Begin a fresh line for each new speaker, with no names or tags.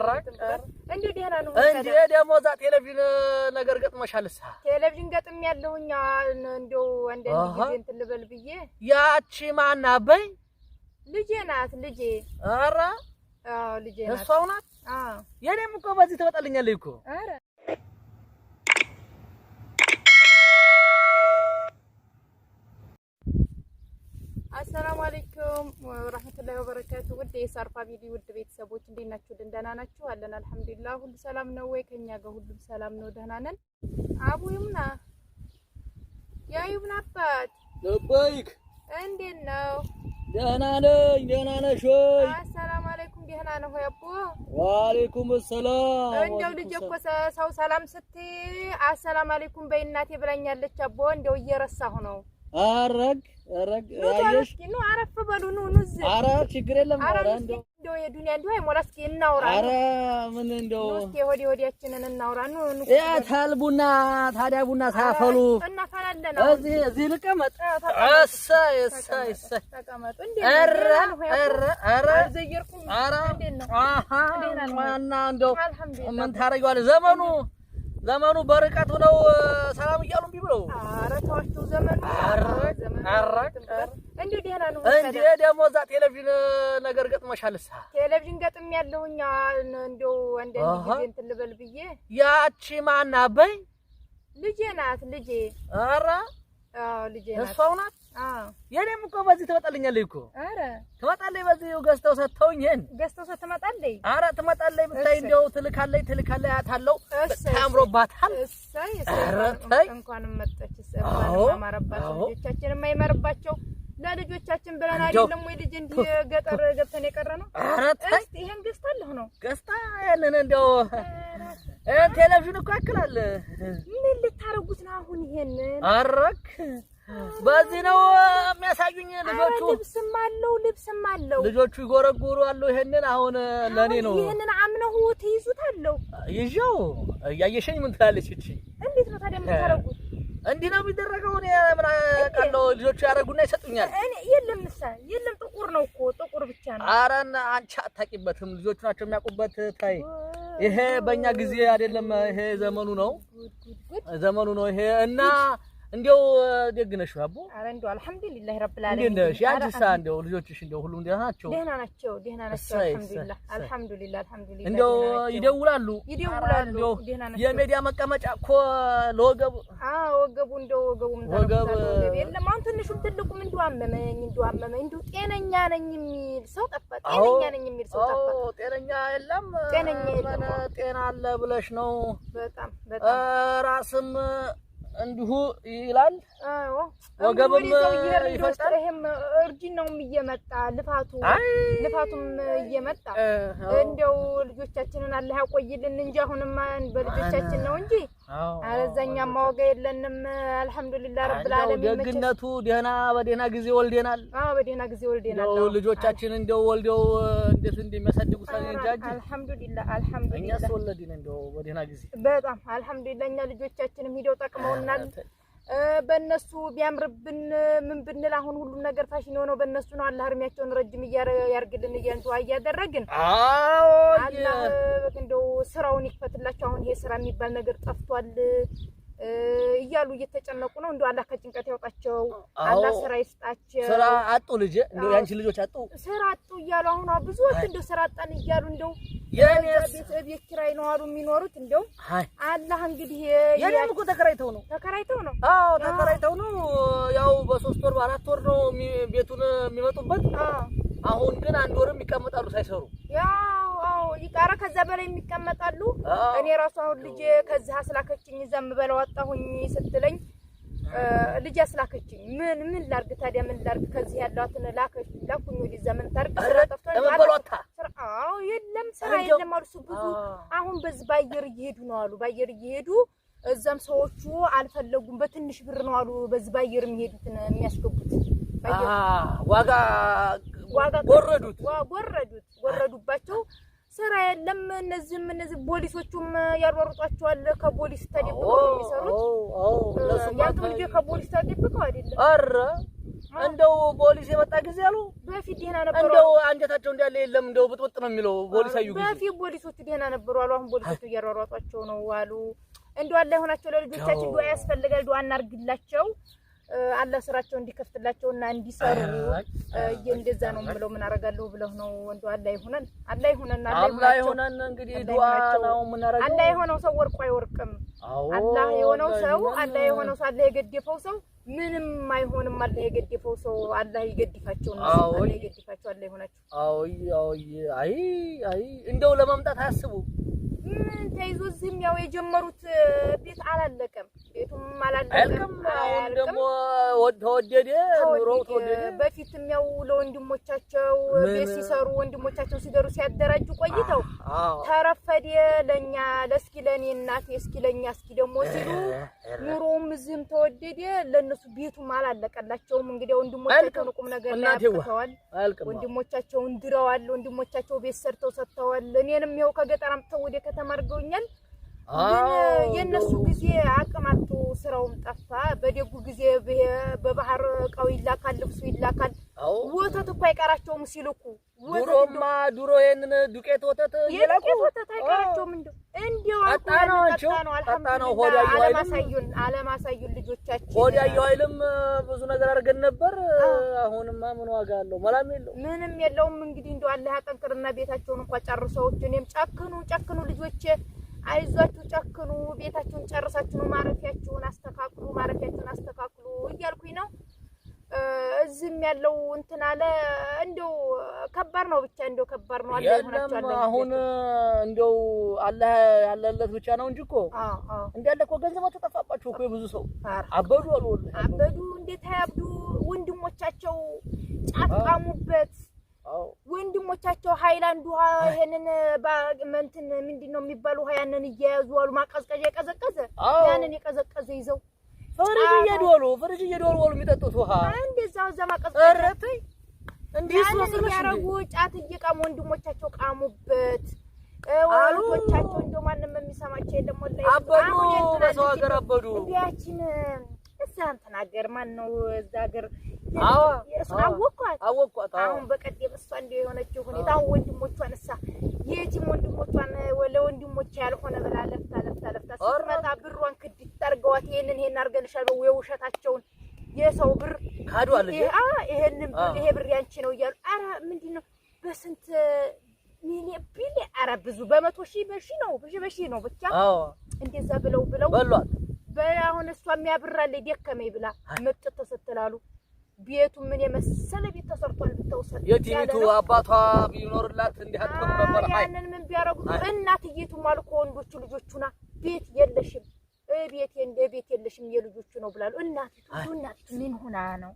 እንዴ? ደግሞ እዛ ቴሌቪዥን ነገር ገጥሞሻልሳ?
ቴሌቪዥን ገጥም ያለሁኛ እንደው አንዳንድ ጊዜ እንትን ልበል ብዬ።
ያቺ ማን አበይ?
ልጄ ናት ልጄ። ኧረ ልጄ ናት። እሷው ናት።
የኔም እኮ በዚህ ትመጣልኛለች እኮ።
ኧረ ሰላም ወራህመቱላሂ ወበረካቱ ውድ የሳር ፋሚሊ ውድ ቤተሰቦች እንዴት ናችሁ? ደህና ናችሁ? አለን አልሐምዱሊላህ። ሁሉ ሰላም ነው ወይ? ከኛ ጋር ሁሉም ሰላም ነው፣ ደህና ነን። አቡ ይሙና ያዩብን አባት
ለበይክ
እንዴት ነው?
ደህና ነኝ። ደህና ነሽ ወይ?
አሰላም አለይኩም። ደህና ነው ወይ አቦ?
ወአለይኩም ሰላም።
እንደው ልጅ እኮ ሰው ሰላም ስትይ አሰላም አለይኩም በይ እናቴ ብላኛለች አቦ። እንደው እየረሳሁ ነው
አረግ አረግ
አየሽ ነው። አረፍ በሉ ኑ ኑ እዚህ
አረ ችግር የለም።
አረ እንደው የዱንያ እንደው አይሞላ እስኪ እናውራ።
አረ ምን እንደው
እስኪ ወዲ ወዲያችንን እናውራ ኑ ኑ
ያ ታልቡና ታዲያ ቡና ሳፈሉ
እናፈላለን።
እዚህ እዚህ ልቀመጥ። እሰ እሰ እሰ ተቀመጡ። እንዴ አረ አረ አረ ዘይርኩም አረ አሃ ማና እንደው ምን ታረጋለህ ዘመኑ ዘመኑ በርቀት ነው። ሰላም እያሉ እምቢ ብለው
አረታቸው ዘመኑ እንዴ ደህና ነው
እንዴ? ደግሞ እዛ ቴሌቪዥን ነገር ገጥመሻልሳ?
ቴሌቪዥን ገጥም ያለሁኛ እንደው አንዳንድ ጊዜ እንትን ልበል ብዬ
ያቺ ማናበይ
ልጄ ናት ልጄ።
ኧረ እሷው ናት። የኔም እኮ በዚህ ትመጣልኛለች እኮ ትመጣለች። በዚህ ገዝተው ሰጥተውኝ ይሄን
ገዝተው ሰጥተው ትመጣለች።
ኧረ ትመጣለች። ብታይ እንደው ትልካለች ትልካለች። አያታለሁ። ታምሮባታል።
እንኳንም መጣች። አማረባቸው። ልጆቻችንም አይመርባቸው ለልጆቻችን ብለን አይደለም ወይ ልጅ እንዲህ ገጠር ገብተን የቀረ ነው። ኧረ ተይ ይሄን ገዝታለሁ ነው
ገዝታ ያለን እንደው እ ቴሌቪዥን እኮ ያክላል።
ምን ልታረጉት ነው አሁን ይሄን?
አረክ በዚህ ነው የሚያሳዩኝ ልጆቹ።
ልብስም አለው ልብስም አለው
ልጆቹ ይጎረጉሩ አለው። ይሄንን አሁን ለኔ ነው።
ይሄንን አምነው ትይዙታለሁ።
ይዤው እያየሸኝ ምን ትላለች እቺ?
እንዴት ነው ታዲያ የምታረጉት?
እንዲህ ነው የሚደረገው። እኔ ምን አውቃለሁ? ልጆቹ ያደርጉና ይሰጡኛል።
የለም ምሳ የለም። ጥቁር ነው እኮ ጥቁር ብቻ ነው።
ኧረ አንቺ አታውቂበትም። ልጆቹ ናቸው የሚያውቁበት። ታይ ይሄ በእኛ ጊዜ አይደለም። ይሄ ዘመኑ ነው፣ ዘመኑ ነው ይሄ እና እንዲያው ደግ ነሽ አቦ።
ኧረ እንዲያው አልሐምዱሊላህ ረብል
ዓለሚን። እንዴት ነሽ? ያንቺሳ እንዲያው ልጆችሽ እንዲያው ሁሉም ደህና ናቸው?
ደህና ናቸው፣ ደህና ናቸው። አልሐምዱሊላህ አልሐምዱሊላህ አልሐምዱሊላህ።
እንዲያው ይደውላሉ፣
ይደውላሉ።
የሜዲያ መቀመጫ እኮ ለወገቡ
ወገቡ እንደ ወገቡ ምን ትንሹም ትልቁም እንደው አመመኝ እንደው አመመኝ እንደው ጤነኛ ነኝ የሚል ሰው ጠፋ። ጤነኛ ነኝ የሚል ሰው ጠፋ።
ጤነኛ የለም።
ጤነኛ የለም።
ጤና አለ ብለሽ ነው።
በጣም በጣም
ራስም እንዲሁ ይላል። አዎ ወገብም
ይፈጣል። ይሄም እርጅናውም እየመጣ ልፋቱ ልፋቱም እየመጣ እንደው ልጆቻችንን አላህ ያቆይልን እንጂ አሁንማ በልጆቻችን ነው እንጂ አለዛኛም ማወጋ የለንም። አልሐምዱሊላህ ረብል
ዓለሚን ደግነቱ ደህና በደህና ጊዜ ወልደናል።
አዎ በደህና ጊዜ ወልደናል።
ልጆቻችን እንደው ወልደው እንዴት እንደሚያሳድጉ ሳንጃጅ
አልሐምዱሊላህ አልሐምዱሊላህ
እኛስ ወለድን እንደው በደህና ጊዜ
በጣም አልሐምዱሊላህ እኛ ልጆቻችንም ሂደው ጠቅመውናል። በእነሱ ቢያምርብን ምን ብንል አሁን ሁሉም ነገር ፋሽን የሆነው በእነሱ ነው። አላህ እድሜያቸውን ረጅም ያርግልን እያንቱ እያደረግን
አላህ
እንደው ስራውን ይክፈትላቸው። አሁን ይሄ ስራ የሚባል ነገር ጠፍቷል። እያሉ እየተጨነቁ ነው። እንደው አላህ ከጭንቀት ያውጣቸው፣ አላህ ስራ ይስጣቸው።
ስራ አጡ ልጅ እንደው ያንቺ ልጆች አጡ
ስራ አጡ እያሉ አሁን ብዙዎች እንደው ስራ አጣን እያሉ እንደው
ቤት ኪራይ ነው አሉ የሚኖሩት። እንደው
አላህ እንግዲህ
የኔም እኮ ተከራይተው ነው ተከራይተው ነው። አዎ ተከራይተው ነው። ያው በሶስት ወር በአራት ወር ነው ቤቱን የሚመጡበት። አሁን ግን አንድ ወርም ይቀመጣሉ ሳይሰሩ
ኧረ ከዛ በላይ የሚቀመጣሉ። እኔ ራሱ አሁን ልጅ ከዚህ አስላከችኝ ዘም በለው ወጣሁኝ ስትለኝ ልጅ አስላከችኝ። ምን ምን ላርግ ታዲያ? ምን ላርግ? ከዚህ ያለዋትን ላከች ላኩኝ ወደ እዛ ምን ታርግ? የለም ስራ የለም አሉ እሱ ብዙ አሁን በዚህ ባየር እየሄዱ ነው አሉ ባየር እየሄዱ እዛም ሰዎቹ አልፈለጉም። በትንሽ ብር ነው አሉ በዚህ በአየር የሚሄዱት የሚያስገቡት
ዋጋ ጎረዱት
ጎረዱት ጎረዱባቸው። ስራ የለም። እነዚህም እነዚህ ፖሊሶቹም ያሯሩጧቸዋል። ከፖሊስ ተደብቀው የሚሰሩት ያንተ ልጅ ከፖሊስ ተደብቀው አይደለም።
አረ እንደው ፖሊስ የመጣ ጊዜ አሉ
በፊት ደህና ነበሩ።
እንደው አንጀታቸው እንዳለ የለም። እንደው ብጥብጥ ነው የሚለው ፖሊስ አዩ ጊዜ
በፊት ፖሊሶቹ ደህና ነበሩ አሉ። አሁን ፖሊሶቹ እያሯሯጧቸው ነው አሉ። እንደው አለ ሆናቸው ለልጆቻችን ዱዓ ያስፈልጋል። ዱዓ እናርግላቸው። አላህ ስራቸው እንዲከፍትላቸው እና እንዲሰሩ እንደዛ ነው ብለው ምን አደርጋለሁ ብለህ ነው ወንዶ አላህ ይሆነን አላህ ይሆነን
አላህ ይሆነን። እንግዲህ ዱዓ ነው ምን አደርጋለሁ።
አላህ የሆነው ሰው ወርቁ አይወርቅም። አላህ የሆነው ሰው አላህ የሆነው ሰው አላህ የገደፈው ሰው ምንም አይሆንም። አላህ የገደፈው ሰው አላህ ይገድፋቸው ነው አላህ ይገድፋቸው አላህ ይሆናቸው።
አይ አይ አይ እንደው ለመምጣት አያስቡ
ምን ተይዞ ዝም ያው የጀመሩት ቤት አላለቀም ቤቱም አላለቀም።
አሁን ደግሞ ተወደደ ኑሮው ተወደደ።
በፊትም ያው ለወንድሞቻቸው ቤት ሲሰሩ ወንድሞቻቸው ሲገሩ ሲያደራጁ ቆይተው ተረፈደ። ለእኛ ለእስኪ ለእኔ እናቴ እስኪ ለእኛ እስኪ ደግሞ ሲሉ ኑሮውም እዚህም ተወደደ። ለእነሱ ቤቱም አላለቀላቸውም። እንግዲህ ወንድሞቻቸውን ቁም ነገር ላይ ወንድሞቻቸውን ድረዋል። ወንድሞቻቸው ቤት ሰርተው ሰጥተዋል። እኔንም ያው ከገጠር አምጥተው ወደ ከተማ አድርገውኛል። የእነሱ ጊዜ አቅም ስራውም ጠፋ። በደጉ ጊዜ በባህር እቃው ይላካል፣ ልብሱ ይላካል፣ ወተት እኮ አይቀራቸውም ሲልኩ።
ድሮማ ድሮ ይሄንን ዱቄት ወተት
የዱቄት ወተት አይቀራቸውም። እንደው እንዲው
አጣናቸው
አጣናው ሆዳ አለማሳዩን አለማሳዩን ልጆቻችን
ሆዳ አይልም። ብዙ ነገር አድርገን ነበር። አሁንማ ምን ዋጋ አለው? መላም የለው
ምንም የለውም። እንግዲህ እንደው አላህ ያጠንክርና ቤታቸውን እንኳን ጨርሰውት እኔም ጨክኑ ጨክኑ ልጆቼ አይዟችሁ ጨክኑ፣ ቤታችሁን ጨርሳችሁ ነው ማረፊያችሁን አስተካክሉ፣ ማረፊያችሁን አስተካክሉ እያልኩኝ ነው። እዚህም ያለው እንትን አለ እንደው ከባድ ነው፣ ብቻ እንደው ከባድ ነው።
አለ አሁን እንደው አላህ ያለለት ብቻ ነው እንጂ እኮ እንዳለ እኮ ገንዘባቸው ጠፋባቸው እኮ የብዙ ሰው አበዱ አሉ
አበዱ። እንዴት ያብዱ ወንድሞቻቸው ጫት ቃሙበት ልጆቻቸው ሃይላንድ ውሃ ይሄንን እንትን ምንድን ነው የሚባል ውሃ ያንን እየያዙ አሉ። ማቀዝቀዣ የቀዘቀዘ ያንን የቀዘቀዘ ይዘው
ፍርጅ እየዶሉ ፍርጅ እየዶሉ ወሉ የሚጠጡት ውሃ
እንደዛ እዛ ማቀዝቀዣ ያንን ያረጉ ጫት እየቃሙ ወንድሞቻቸው ቃሙበት። ወንዶቻቸው እንደው ማንም የሚሰማቸው የለም። ወላሂ
አበዱ፣ በሰው ሀገር አበዱ
እንዲያችን እዛ እንትን ሀገር ማን ነው እዛ ሀገር እሱን አወኳት አወኳት። አሁን በቀደም እሷ እንደ የሆነችው ሁኔታ አሁን ወንድሞቿን እሳ የቲም ወንድሞቿን ለወንድሞቿ ያልሆነ ብላ ለፍታ ለፍታ ለፍታ ስትመጣ ብሯን ክድት አድርገዋት ይሄንን ይሄን አድርገንሻል ብለው የውሸታቸውን የሰው ብር ካዱ አለ። ይሄንን ይሄ ብር ያንቺ ነው እያሉ ኧረ ምንድን ነው በስንት ሚሊዮን ቢሊዮን ኧረ ብዙ በመቶ ሺህ በሺህ ነው በሺህ ነው ብቻ እንደዛ ብለው ብለው በሏት በአሁን እሷ የሚያብራለኝ ደከመኝ ብላ መጥጥ ተሰትላሉ። ቤቱ ምን የመሰለ ቤት ተሰርቷል። ብትወሰድ
የቲኒቱ አባቷ ቢኖርላት እንዲህ
አትሆንም ነበር። ያንን ምን ቢያረጉት እናትዬቱ ማልኮ ወንዶቹ ልጆቹና ቤት የለሽም ቤት የለሽም የልጆቹ ነው ብላሉ። እናቲቱ እናቲቱ ምን ሆና ነው?